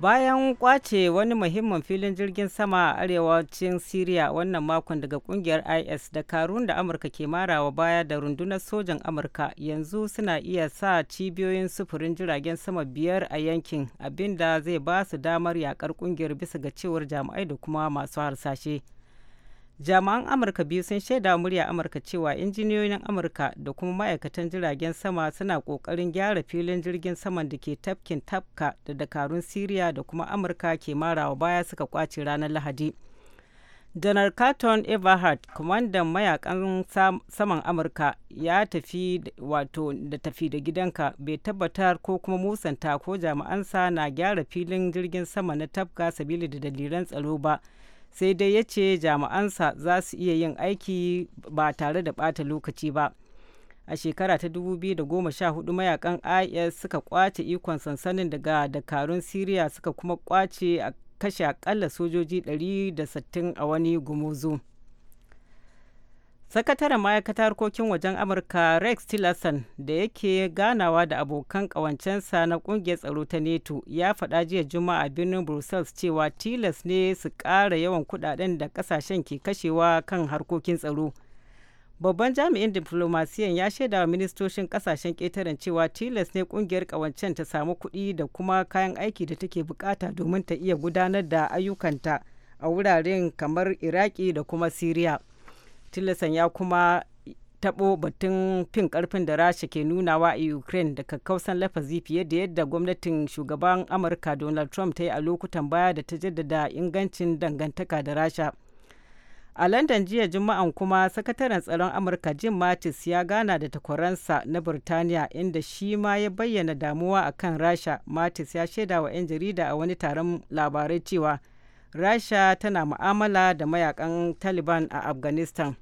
bayan kwace wani muhimmin filin jirgin sama a arewacin syria wannan makon daga kungiyar is da da amurka ke marawa baya da rundunar sojan amurka yanzu suna iya sa cibiyoyin sufurin jiragen sama biyar a yankin abinda zai ba su damar yakar kungiyar bisa ga cewar jami'ai da kuma masu harsashe jami'an amurka biyu sun shaida murya amurka cewa injiniyoyin amurka da kuma ma'aikatan jiragen sama suna kokarin gyara filin jirgin saman da ke tafkin tafka da dakarun siriya da kuma amurka ke marawa baya suka kwace ranar lahadi janar carton everhart kwamandan mayakan saman amurka ya tafi wato da tafi da gidanka bai tabbatar ko kuma musanta ko jami'ansa na gyara filin jirgin sama na tafka sabili da dalilan tsaro ba sai dai ya ce jami'ansa za su iya yin aiki ba tare da bata lokaci ba a shekara ta 2014 mayakan is suka kwace ikon sansanin daga dakarun syria suka kuma kwace a kashe akalla sojoji 160 a wani gumuzu. sakataren ma'aikatar harkokin wajen amurka rex tillerson da yake ganawa da abokan ƙawancensa na ƙungiyar tsaro ta nato ya faɗa jiya juma'a birnin brussels cewa tilas ne su ƙara yawan kuɗaɗen da ƙasashen ke kashewa kan harkokin tsaro babban jami'in diflomasiyan ya shaida wa ministocin ƙasashen ƙetaren cewa tilas ne ƙungiyar ƙawancen ta samu kuɗi da kuma kayan aiki da take bukata domin ta iya gudanar da ayyukanta a wuraren kamar iraki da kuma syria. tillerson ya kuma taɓo batun fin karfin da rasha ke nunawa a ukraine da kakkausan lafazi fiye da yadda gwamnatin shugaban amurka donald trump ta yi a lokutan baya da ta jaddada ingancin dangantaka da rasha a london jiya juma'an kuma sakataren tsaron amurka jim mattis ya gana da takwaransa na birtaniya inda shi ma ya bayyana damuwa akan rasha mattis ya shaida wa 'yan jarida a wani taron labarai cewa rasha tana mu'amala da mayakan taliban a afghanistan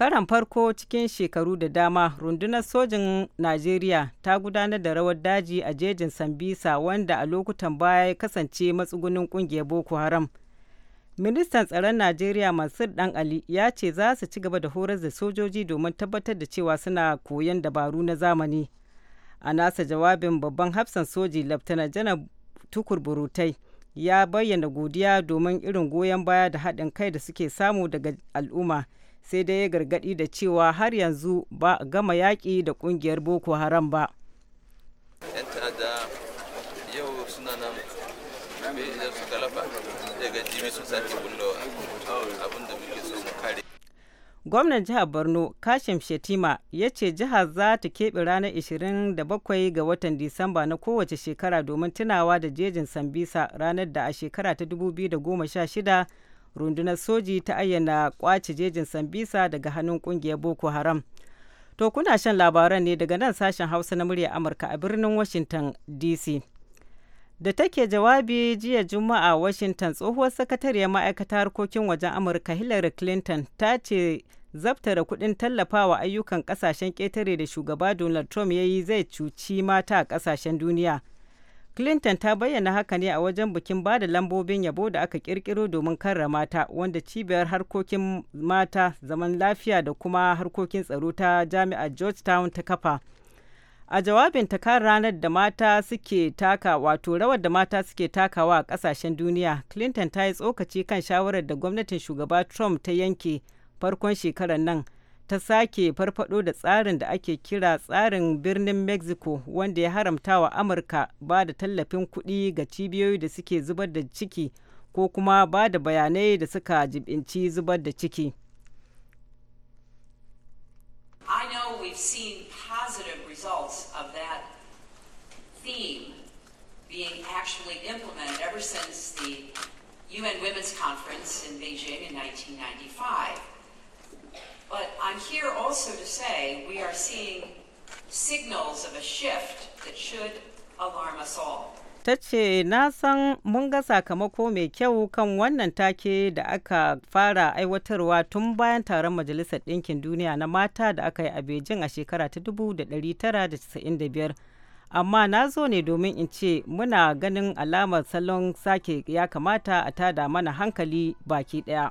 Karan farko cikin shekaru da dama, rundunar sojin Najeriya ta gudanar da rawar daji a jejin Sambisa wanda a lokutan baya ya kasance matsugunin kungiyar Boko Haram. Ministan tsaron Najeriya masu Dan Ali ya ce za su ci gaba da horar da sojoji domin tabbatar da cewa suna koyon dabaru na zamani. A nasa jawabin babban hafsan soji Laftana Janar Tukur Burutai ya bayyana godiya domin irin goyon baya da haɗin kai da suke samu daga al'umma. sai dai ya gargaɗi da cewa har yanzu ba gama yaƙi da ƙungiyar boko haram ba 'yan ta'adda yau suna nan daga jimi sun sake bullowa abin da muke so kare gwamnan jihar borno kashim shetima ya ce jihar za ta keɓe ranar 27 ga watan disamba na kowace shekara domin tunawa da jejin sambisa ranar da a shekara ta 2016 rundunar soji ta ayyana kwace jejin sambisa daga hannun kungiyar boko haram to kuna shan labaran ne daga nan sashen hausa na murya amurka a birnin washington dc da take jawabi jiya juma'a washington tsohuwar sakatariyar ma'aikata harkokin wajen amurka hillary clinton ta ce zabtara kudin tallafawa ayyukan kasashen ƙetare da shugaba donald trump ya yi zai cuci mata a kasashen duniya Clinton ta bayyana haka ne a wajen bikin bada lambobin yabo da aka kirkiro domin karrama ta wanda cibiyar harkokin mata zaman lafiya da kuma harkokin tsaro ta jami'ar Georgetown ta kafa. A jawabin ta kan ranar da mata suke taka wato rawar da mata suke takawa a kasashen duniya, Clinton ta yi tsokaci kan shawarar da gwamnatin shugaba Trump ta yanke farkon shekarar nan. ta sake farfado da tsarin da ake kira tsarin birnin mexico wanda ya haramta wa amurka ba da tallafin kuɗi ga cibiyoyi da suke zubar da ciki ko kuma ba da bayanai da suka jibinci zubar da ciki of ever since the UN Women's Conference in Beijing in 1995. But I'm here also to say we are seeing signals of a shift that should alarm us all. Ta ce, Na san mun ga sakamako mai kyau kan wannan take da aka fara aiwatarwa tun bayan taron Majalisar Ɗinkin Duniya na mata da aka yi a bejin a shekara ta 1995. Amma na zo ne domin in ce muna ganin alamar salon sake ya kamata a tada mana hankali baki ɗaya.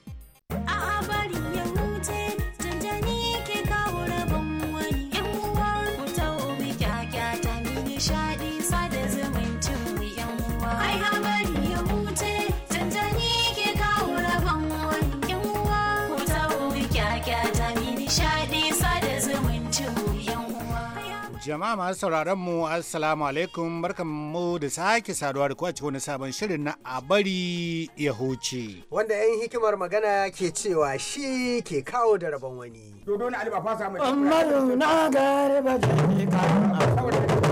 Jama'a masu sauraron mu Assalamu alaikum barkanmu da sake saduwa da kowace wani sabon shirin na a bari ya huce. Wanda 'yan hikimar magana ke cewa shi ke kawo da rabon wani. Dodo na fasa mai. Amma na gare ba jami'a.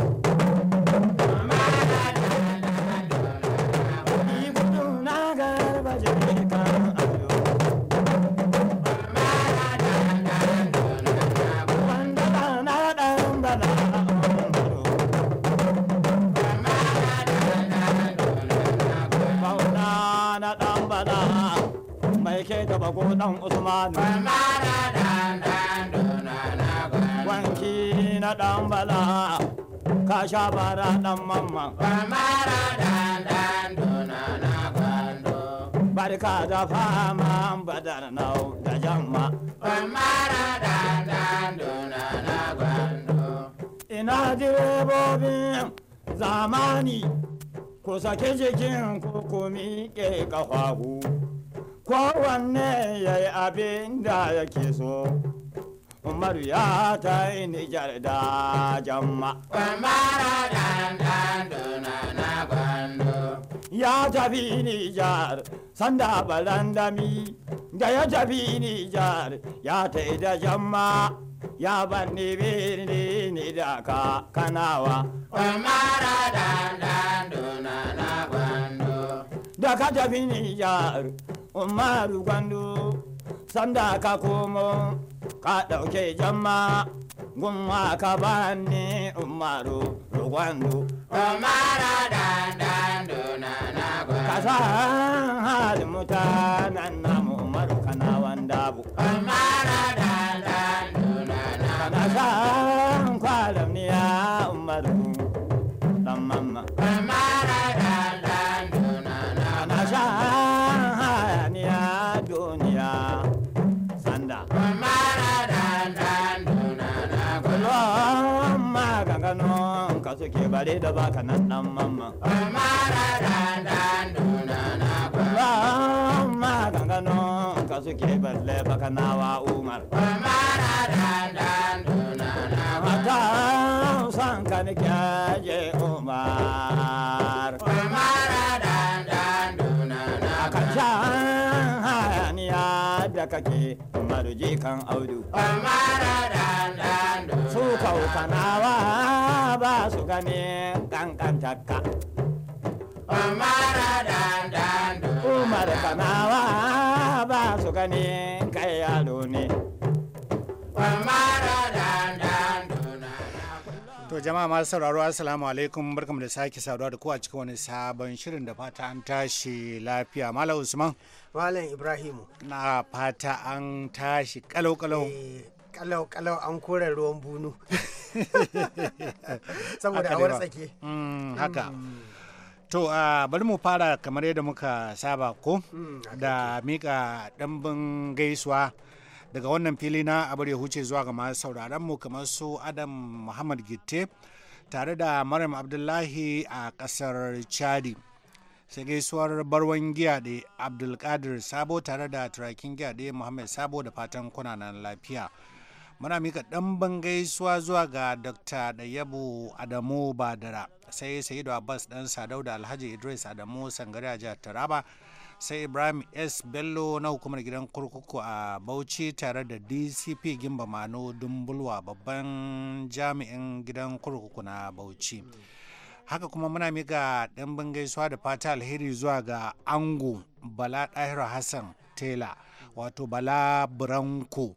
bago dan usman wanki na dan bala ka sha bara dan mamma barka da fama badar nau da jamma gwando ina direbobin zamani ku sake jikin ku ku miƙe ƙafafu kowanne ya yi abin da yake so umaru ya ta yi nijar da jama kwamara dandan duna ya tafi nijar sanda balandami da ya tafi nijar ya ta yi da jama. ya ban ni birni ni da ka kanawa kwamara dandan duna na da ka tafi Nijar Umaru Gwandu sanda ka komo ka ɗauke jama gumma ka bani Umaru Gwandu. umara dandan na na Ka san halin mutanen namu. da baka nan dan mamma ma dan dan duna na ba ma gangano ka suke balle baka na nawa umar ma dan dan duna na ba ta san ka kan kyaje umar mara dan dan duna na ka shan hayaniya da kake umaru kan audu mara dan su kau kaukanawa ba su gane kankantarka umar kanawa ba su gane kai yaro ne To jama'a masu sauraro assalamu alaikum barkamu da sake saduwa da kowa cikin wani sabon shirin da fata an tashi lafiya Malam Usman Malam Ibrahimu na fata an tashi kalau kalau eh, kalau kalau an kore ruwan bunu saboda awar tsake mm, haka mm. to bari mu fara kamar yadda muka saba ko mm, da mika ɗanbin gaisuwa daga wannan fili na abar ya huce zuwa ga masu sauraron mu kamar su adam muhammad gitte tare da maryam abdullahi a ƙasar chadi sai gaisuwar barwan giya da abdulkadir sabo tare da turakin giya da muhammad sabo da fatan kuna nan lafiya muna mika ɗan bangaisuwa zuwa ga dr dayabu adamu badara sai sayidu abbas dan sadau da alhaji idris adamu sangare a jihar taraba sai ibrahim s bello na hukumar gidan kurkuku a bauchi tare da dcp gimba mano dumbulwa babban jami'in gidan kurkuku na bauchi haka kuma muna miƙa ɗan gaisuwa da fata alheri zuwa ga ango bala dahiru hassan Taylor. wato bala branco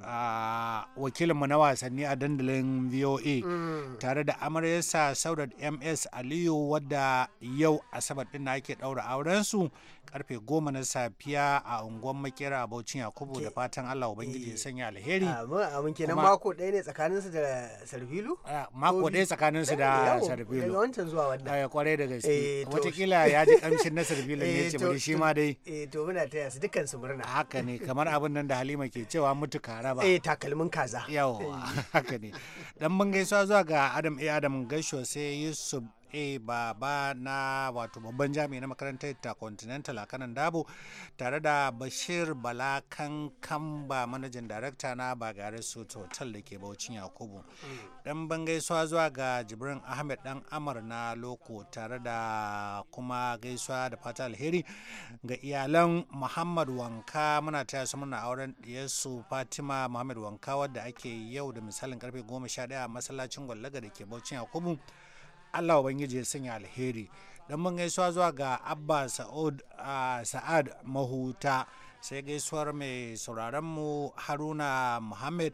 a wakilinmu na wasanni a dandalin voa mm. tare da amaryarsa saudat ms aliyu wadda yau asabar din ake daura aurensu karfe goma na safiya a unguwar makera abocin yakubu da fatan allah ubangiji ya eh. sanya alheri ah, abin kenan mako ɗaya ne tsakanin su da sarfilu ah, mako ɗaya tsakanin su da eh, sarfilu eh, daga wancan zuwa wannan ya kware da gaske watakila ya ji kamshin na sarfilu ne ce bari shi ma dai to muna taya su dukkan su murna haka ne kamar abin nan da halima ke cewa mutu kara ba eh takalmin kaza yawa haka ne dan mun gaisuwa zuwa ga adam eh adam gaisho sai yusuf a baba na wato babban jami'in na makarantar Continental a kanan dabo tare da bashir bala kamba manajan darakta na bagare su hotel da ke baucin yakubu dan ban gaisuwa zuwa ga jibrin ahmed dan amar na loko tare da kuma gaisuwa da fata alheri ga iyalan muhammad wanka muna taya su muna auren Yesu fatima muhammad wanka wadda ake yau da misalin karfe 11 a masallacin gwallaga da ke baucin yakubu Allah Ubangiji ya sanya alheri. Don mun gaisuwa zuwa ga Abba ah, Sa'ad Mahuta. sai gaisuwar mai sauraronmu haruna muhammad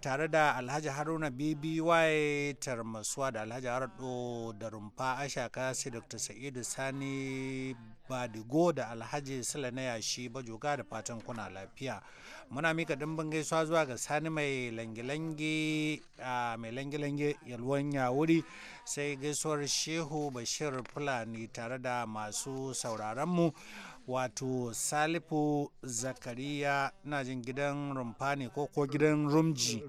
tare da alhaji haruna bby tarmasuwa da alhaji harado da rumfa ashaka sai dr sa'idu sani badigo da alhaji sila na yashi bajoga da fatan kuna lafiya muna mika dimbin gaisuwa zuwa ga sani mai langilangi mai langilangi yalwan yawuri sai gaisuwar shehu bashir fulani tare da masu sauraronmu mu wato salifu zakariya na jin gidan rumfa ne ko ko gidan rumji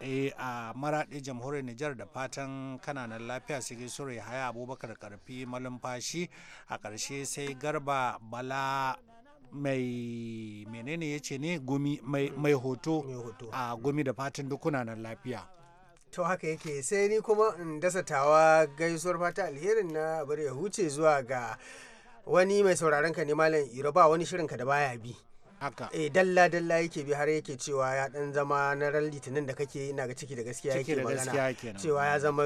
eh, a maraɗi jamhuriyar nijar da fatan kananan lafiya su sura ya haya abubakar karfi malumfashi a ƙarshe sai garba bala mai menene ya ce ne gumi mai hoto a gumi da fatan dukuna lafiya to haka yake sai ni kuma in dasa tawa gaisuwar fata alherin na bari ya huce zuwa ga wani mai sauraron ka ne malam iro ba wani shirin ka da baya bi haka eh dalla dalla yake bi har yake cewa ya dan zama na ran litinin da kake ina ga ciki da gaskiya yake magana cewa ya mm. zama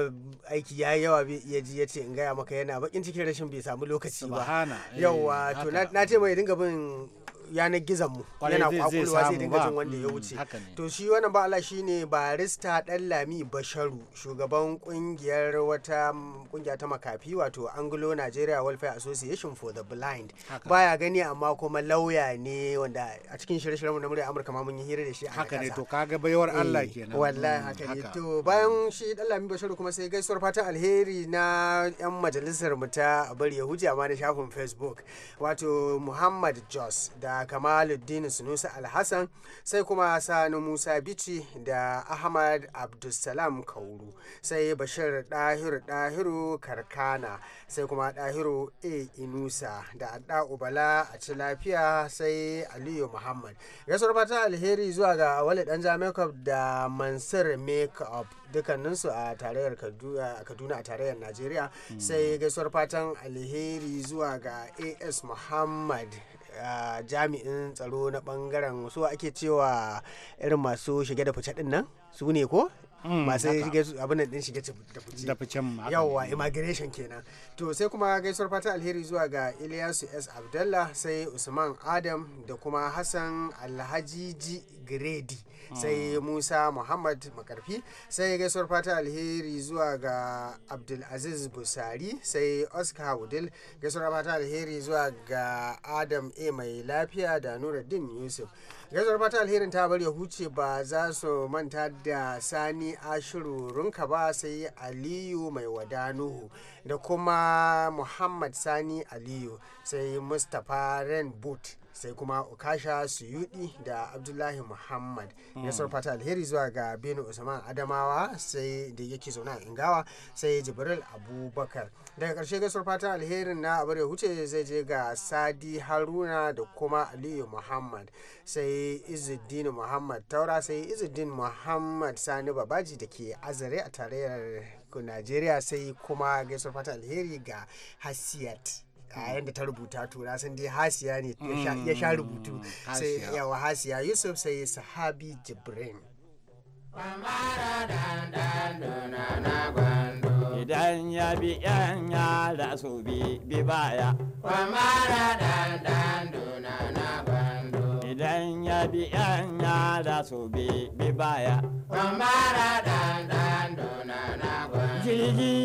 aiki ya yi yawa bi ya ji yace in gaya maka yana bakin cikin rashin bai samu lokaci ba eh, yawa to na ce mai dinga bin yanar gizon mu yana kwakulwa zai dinga jin wanda ya mm, wuce to shi wannan ba Allah shine barista Dallami Basharu shugaban kungiyar wata kungiya ta makafi wato Anglo Nigeria Welfare Association for the Blind baya gani amma kuma lauya ne wanda a cikin shirye-shiryen na murya Amurka ma mun yi hira da shi haka ne to kaga bayawar eh, Allah kenan mm, wallahi haka ne to bayan shi Dallami Basharu kuma sai gaisuwar fatan alheri na yan majalisar mu ta bari ya huje amma na shafin Facebook wato Muhammad Jos da kamaluddin Sunusa alhassan sai kuma sani musa bici da ahmad abdulsalam kauru sai bashir dahiru dahiru karkana sai kuma dahiru a inusa da adda ubala a ci lafiya sai aliyu muhammad gaisuwar fatan alheri zuwa ga wale dan makeup da mansur makeup dukkaninsu a tarayyar kaduna a tarayyar najeriya hmm. sai gaisuwar fatan alheri zuwa ga as muhammad jami'in tsaro na bangaren su ake cewa irin masu shige da fice din nan su ne ko masu mm, shige abin din shige da ficen yawwa immigration kenan to sai kuma gaisuwar fata alheri zuwa ga Ilyasu S Abdallah sai Usman Adam da kuma Hassan Alhajiji Gredi mm. sai Musa Muhammad Makarfi sai gaisuwar fata alheri zuwa ga Abdulaziz Busari sai Oscar Wudil gaisuwar fata alheri zuwa ga Adam A mai lafiya da nuraddin Yusuf gaisuwar fata alherin ta bari ya huce ba za su manta da sani ashiru ba sai aliyu mai wadanuhu da kuma muhammad sani aliyu sai mustapha ren boot sai kuma okasha suyudi da abdullahi muhammad nasar fata alheri zuwa ga benin usman adamawa sai da yake zaune a ingawa sai jibril abubakar daga karshe gasar fata alherin na abar ya huce zai je ga sadi haruna da kuma aliyu muhammad sai izuddin muhammad taura sai izuddin muhammad sani babaji da ke azare a tarayyar najeriya sai kuma gaisuwar fata alheri ga hasiyat a yadda ta rubuta to na san dai hasiya ne ya sha mm, rubutu sai yawa hasiya yusuf sai sahabi jibrin idan ya bi yan yara su bi bi baya kwamara dan duna na gwando idan ya bi yan yara su bi bi baya kwamara dan duna na gwando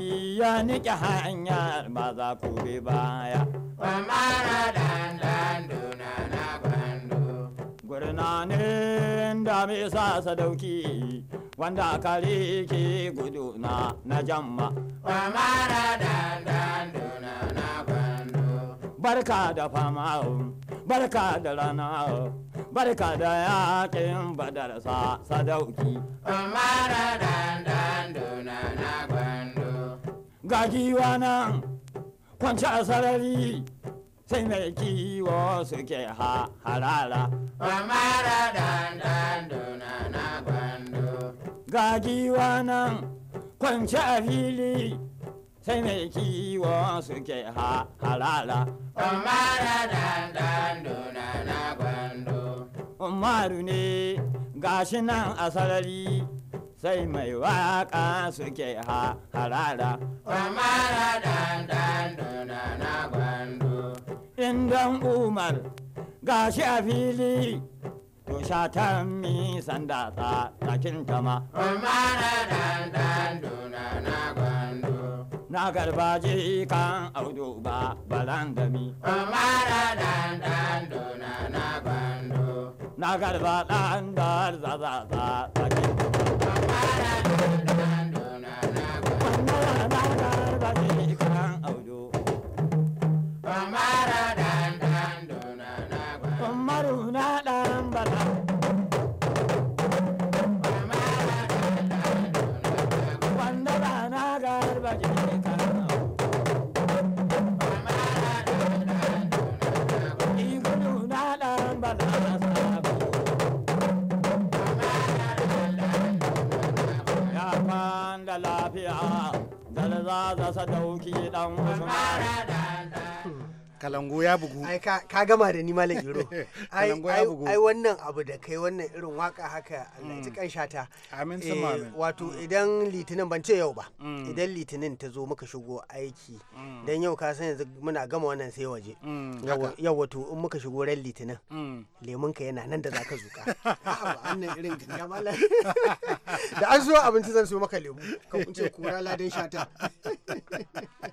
ya nike hanya ba za ku bi baya. Kwamara dandan duna na kwando. Gurnanin da mai sa sadauki wanda kare ki gudu na na jamma. Kwamara dandan duna na kwando. Barka da fama barka da rana barka da yakin badar sa, sadauki. Kwamara dandan duna na kwando. ga giwa kwanci a sarari sai mai kiwo suke ha harara mamara dandan duna na gwando ga kwanci a fili sai mai kiwo suke ha harara mamara dandan duna na gwando umaru ne gashi nan a sarari sai mai waka suke ha harara. Kwamara dan duna na gwando. Indan Umar gashi a fili to shatan mi sanda takin tama. Kwamara dan duna na gwando. Na garbaji kan audu ba balandami. Kwamara dan duna na gwando. Na garba ɗan da zaza tsakin Thank you. galza za sadauki dan usman kalango ya bugu ai ka gama da ni malam iro ai wannan abu da kai wannan irin waka haka Allah ji kan mm. shata amin eh, sama amin wato mm. idan litinin ban ce yau ba mm. idan litinin ta zo muka shigo aiki dan yau ka san yanzu muna gama wannan sai waje yau wato in muka shigo ran litinin lemun ka yana nan da zaka zuka wannan irin ganga malam da an zo abinci zan so maka lemu ka kunce kura ladan shata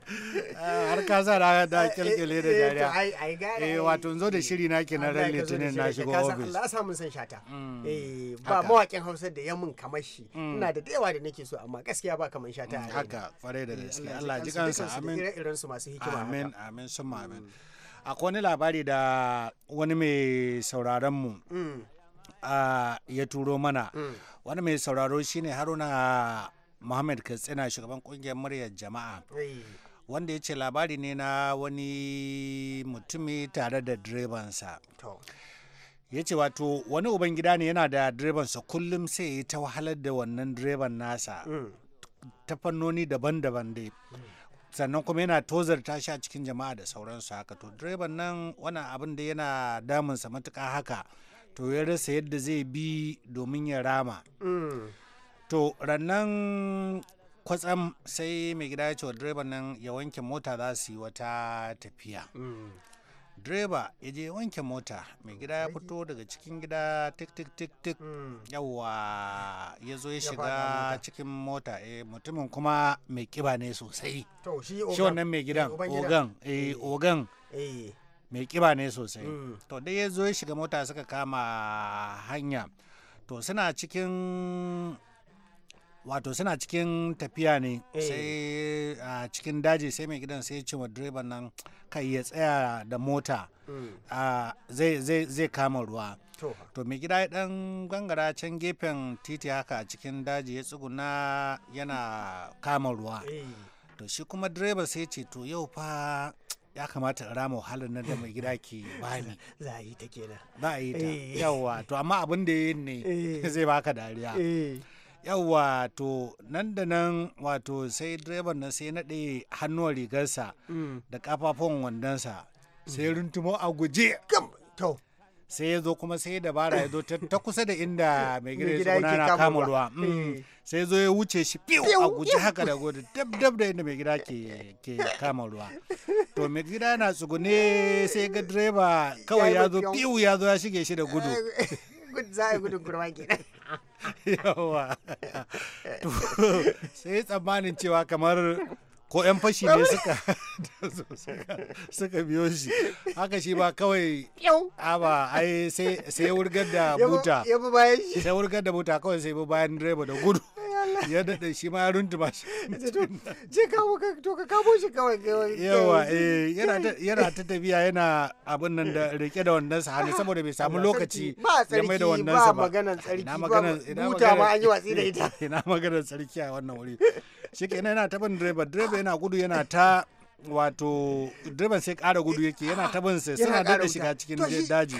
har ka na da eh, kyalkyale eh, da eh, dariya eh wato zo da shiri na kenan ran litinin na shigo office Allah sa mun san shata mm. eh ba mawakin Hausa da yamin kamar shi mm. ina da dawa da nake so amma gaskiya ba kamar shata mm, haka kware da gaskiya Allah ji kansa amin irin su masu hikima amin amin sun amin akwai wani labari da wani mai sauraron mu ya turo mana wani mai sauraro shine haruna muhammad katsina shugaban kungiyar muryar jama'a wanda ya ce labari ne na wani mutumi tare da direbansa ya ce wato wani ubangida ne yana da direbansa kullum sai ya ta wahalar da wannan direban nasa mm. ta fannoni daban-daban dai sannan kuma yana tozar shi a cikin jama'a da sauransu haka to direban nan wani abin da yana damunsa matuka haka to ya rasa yadda zai bi domin ya rama mm. to rannan kwatsam sai mai gida ya ce wa nan ya wanke mota za su yi wata tafiya mm. direba ya je wanke mota mai gida ya fito daga cikin gida tik tik tik tik mm. yawwa ya zo ya shiga cikin mota eh, mutumin kuma mai kiba ne sosai shi wannan mai gidan eh, ogan eh, ogan mai kiba ne sosai mm. to dai ya zo ya shiga mota suka kama hanya to suna cikin wato suna cikin tafiya ne eh. sai a cikin daji sai mai gidan sai cewa direban nan kai ya tsaya da mota mm. zai kama ruwa to mai gida ya dan gangara can gefen titi haka a cikin daji ya tsuguna yana kama ruwa eh. to shi kuma direba sai ce to yau fa ya kamata in rama wahalar nan da mai gida ke bani za a yi ta kenan za a yi ta eh. yawa to amma abin da yin ne zai baka dariya yawa to nan da nan wato sai direban nan sai naɗe hannuwa rigarsa mm. da kafafun wandonsa mm. sai runtumo a guje sai ya zo kuma sai dabara ya zo ta kusa da inda mai gida ya tsona na kama ruwa mm. eh. sai zo ya wuce shi fiw a guji haka da gudu dab dab da inda mai gida ke kama ruwa to mai gida na tsugune eh. sai ga direba kawai ya zo fiw ya zo ya shige shi da gudu eh, za a gudun kurma kenan yawa sai tsammanin cewa kamar ko 'yan fashi ne suka suka biyo shi haka shi ba kawai aba ai sai wurgar da buta sai wurgar da buta kawai sai bayan direba da gudu ya daɗe shi ma ya runduma shi je kawo ka to ka kawo shi kawai yawa eh yana yana ta tafiya yana abin nan da rike da wannan sa hannu saboda bai samu lokaci ya mai da wannan sa ba Ba maganar tsarki ba maganar muta ma an yi watsi da ita ina maganar tsarki a wannan wuri shikenan yana ta bin direba direba yana gudu yana ta wato direban sai ƙara gudu yake yana ta bin sai suna daɗa shiga cikin daji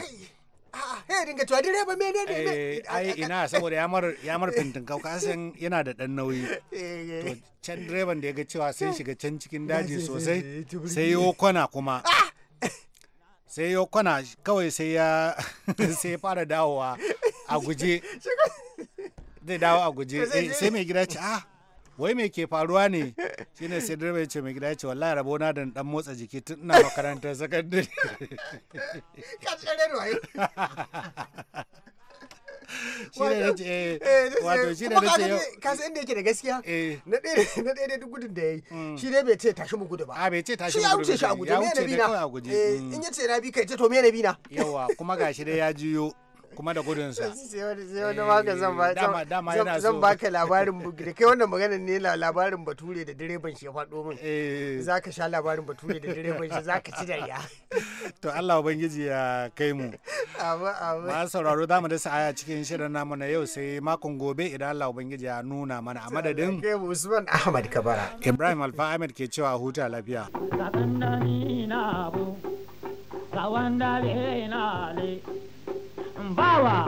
hey dinga cewa direba menene ne eh, ai ina saboda ya mar ya mar fintin kauka san yana da dan nauyi eh, eh. to can direban da ya ga cewa sai shiga can cikin daji sosai sai yo kwana kuma ah! sai yo kwana kawai sai ya sai fara dawowa a guje zai dawo a guje sai mai gida ce ah wai me ke faruwa ne shine sai direba ya ce mai gida ya ce wallahi rabo na da dan motsa jiki tun ina makarantar sakandare ka tsere shine na ce wato shine da ce ka san inda yake da gaskiya eh. na ɗaya na ɗaya duk gudun da yayi mm. shi dai bai ce tashi mu gudu ba a ah, bai ce tashi mu gudu shi ya wuce shi a guje me na bi na eh, mm. in ya ce na bi kai ce to me na bi na yawa kuma gashi dai ya juyo. kuma da sa sai wani eh, maka zan zan baka labarin da kai wannan magana ne labarin bature da direban shi ya faɗo min eh. za ka sha labarin bature da direban shi za ka ci ya. to Allah ubangiji ya kai mu ba sauraro za mu da aya cikin shirin namu na yau sai makon gobe idan Allah ubangiji ya nuna mana a madadin Usman Ahmad Kabara Ibrahim Alfa Ahmed ke cewa huta lafiya Kawanda na le ka bawa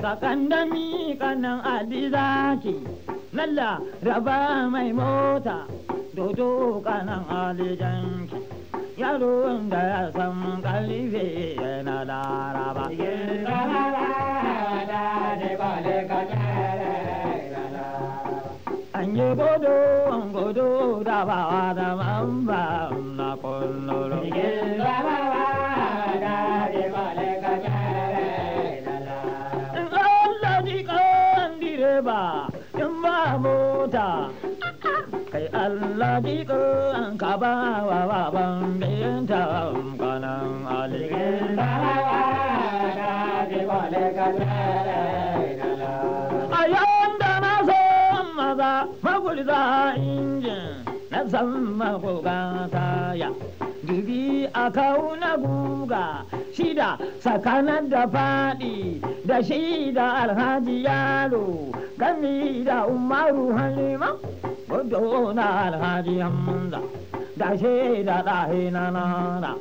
sakandami kanan alizaki lalla raba mai mota dodo kanan alijanki yaron da ya san kalife yana laraba an yi godo an godo da bawa da mamba na kullum ba in ba mota kai Allah jiko an ka ba wa baban binta kanan alikin da da ke kwale a yawan da na so maza magulza injin na san magulga ya dubi a kauna guga shida tsakanin da faɗi da shida alhaji yaro gami da umaru halima gudu na alhaji hamza da shida ɗahe na nana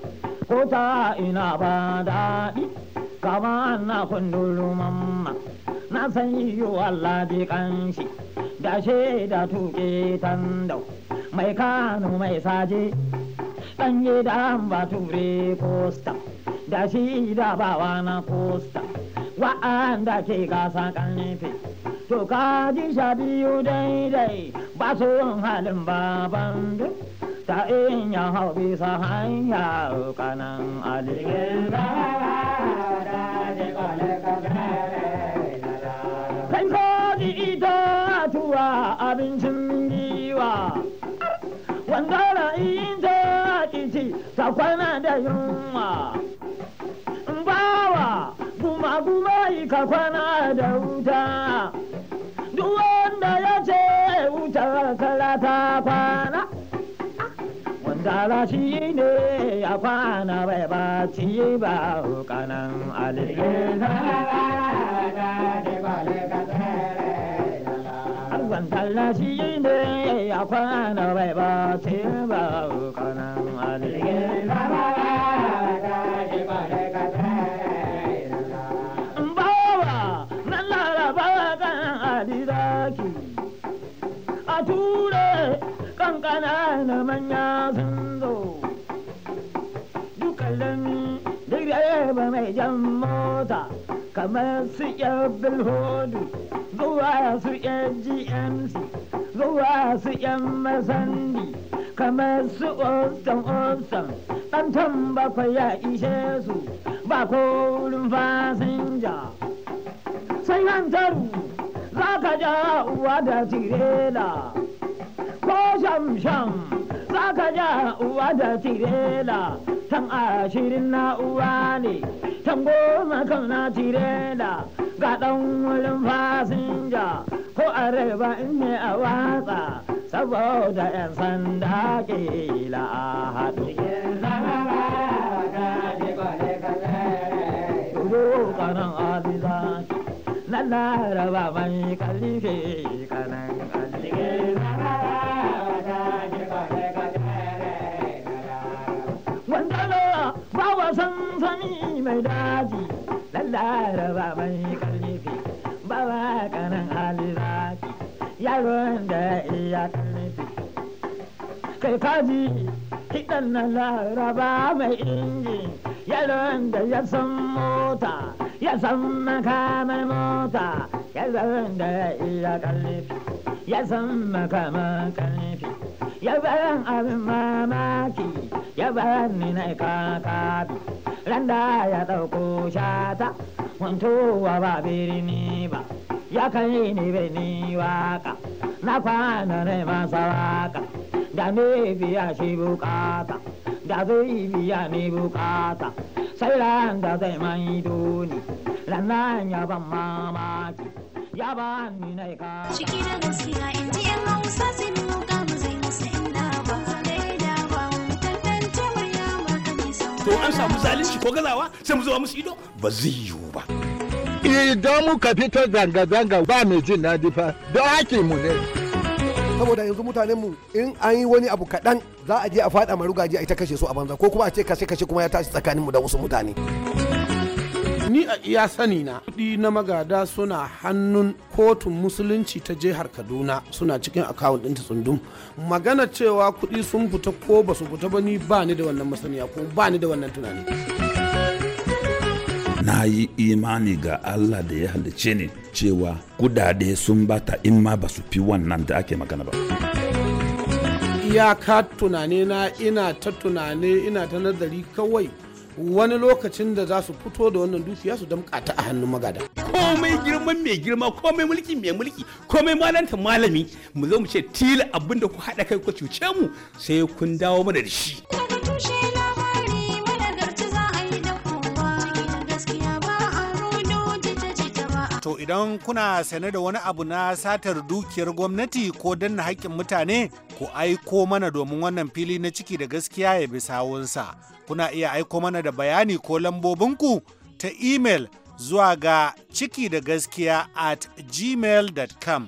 ko ta ina ba daɗi kama na kundulu mamma na san yiwu Allah kanshi da shida tuke tandau mai kano mai saje dan yi da ba ture kosta da shi da bawa na kosta wa'anda ke gasa kanife to ka ji sha biyu daidai ba su halin baban duk ta in ya hau bisa hanya kanan aligin abincin giwa wanda na ita ici ta kwana da yunwa bawa kuma kuma yi ka kwana da wuta duk wanda ya ce wuta kala ta kwana Dala shi ne ya kwana bai ba ci ba kanan alilin. san talla shi ne ya kwana bai ba ce ba kana malige kan a ture kankana na manya sun zo dukkan lami duk da yaba mai jan mota kamar su yan bilhodu zuwa su yan gmc zuwa su yan masandi kamar su otan otan ɗantan bakwai ya ishe su ba ko wurin fasinja sai hantar za ka ja uwa da tirela ko sham-sham Saka ja uwa da tirela, tan ashirin na uwa ne, tan goma kan na tirela, ga ɗan wurin fasinja, ko araba in ne a watsa, saboda 'yan sanda ƙila a haɗu. na laraba mai kalife kanan kalife. sansani mai daji lallara ba mai karnifi ba ba kanan hali yaron da iya karnifi kai faji kiɗan na laraba mai inji yaron da ya san mota ya san makamar mota yaron da iya karnifi ya san makamar karnifi ya abin mamaki ya bayan ni na bi randa ya dauko shata wa ba birni ba ya kai ni ni waka na kwana ne masa waka da ne biya shi bukata da zai biya ni bukata sai ran da zai mai doni rannan ya ban mamaki ya ba ni na ka ciki da gaskiya in ji yan hausa sun to an samu zalunci ko gazawa sai mu zo musu ido ba zai yiwu ba idan muka fito zanga-zanga ba mai jin daɗi fa don mu ne saboda yanzu mutanen mu in an yi wani abu kaɗan za a je a faɗa marugaji a ita kashe su a banza ko kuma a ce kashe-kashe kuma ya tashi tsakanin mu da wasu mutane ni a iya sani na kuɗi na magada suna hannun kotun musulunci ta jihar kaduna suna cikin akawun ɗinta tsundum magana cewa kuɗi sun fita ko ba su fita ba ni ba ni da wannan masaniya ko ba ni da wannan tunani na yi imani ga allah da ya halice ni cewa kudade sun bata in ma ba su fi wannan da ake magana ba iyaka tunane na ina ta tunane ina ta nazari kawai wani lokacin da za su fito da wannan dukiya su damƙa ta a hannun magada. Komai girman mai girma, komai mulki mai mulki, komai malanta malami, mu zo mu ce tila abinda ku haɗa kai ku cuce mu sai kun dawo mana da shi. To idan kuna sane da wani abu na satar dukiyar gwamnati ko danna haƙƙin mutane ku aiko mana domin wannan fili na ciki da gaskiya ya bi sawunsa. Kuna iya aiko mana da bayani ko lambobinku ta email zuwa ga ciki da gaskiya at gmail.com.